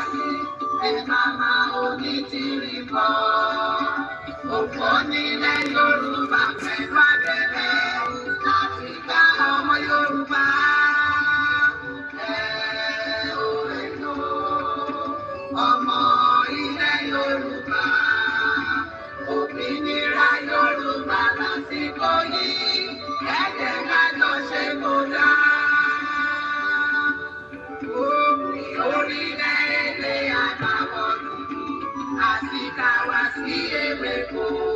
ayé ẹ̀ka máa onítìrì bọ̀. Òpó nílẹ̀ Yorùbá pẹ̀lú abẹ́rẹ́ láti gba ọmọ Yorùbá. Ẹ ò èlò ọmọ ilẹ̀ Yorùbá. Òmìnira Yorùbá lásìkò yìí. I wa si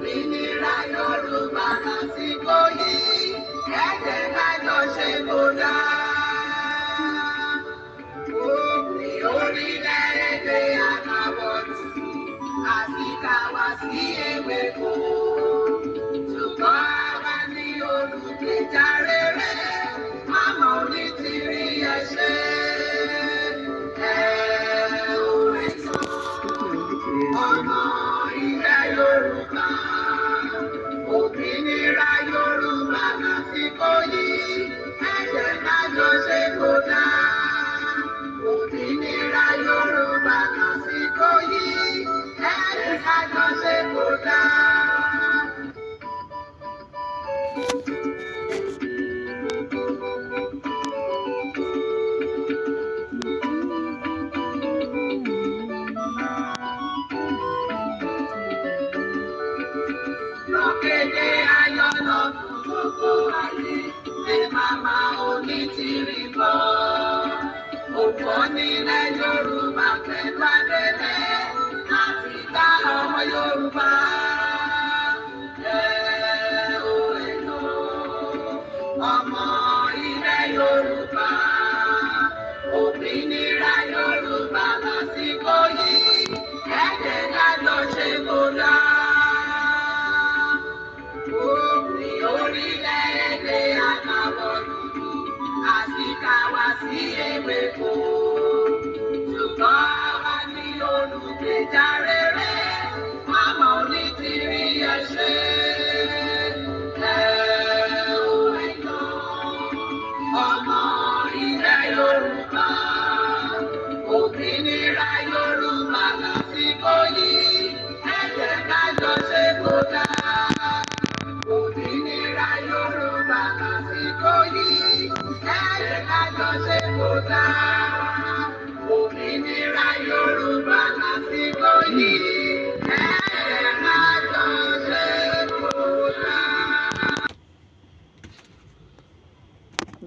òmìnira Yorùbá kan tí kò yí ẹ̀jẹ̀ ká jọ ṣe kó dá. Omi orílẹ̀-èdè àkàbọ̀ tù àti kàwá sí ewéko. Yorùbá lẹ́ òyìnbó ọmọ ilẹ̀ Yorùbá òmìnira.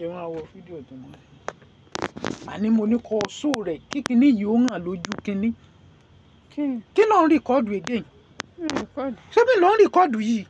jẹ́ wọn àwọ fídíò tó mọ́ màá ní mo ní kọ́ ṣó rẹ̀ kí kinní yìí ó hàn lójú kinní kí ló ń rìkọ́dù again ṣé bí ló ń rìkọ́dù yìí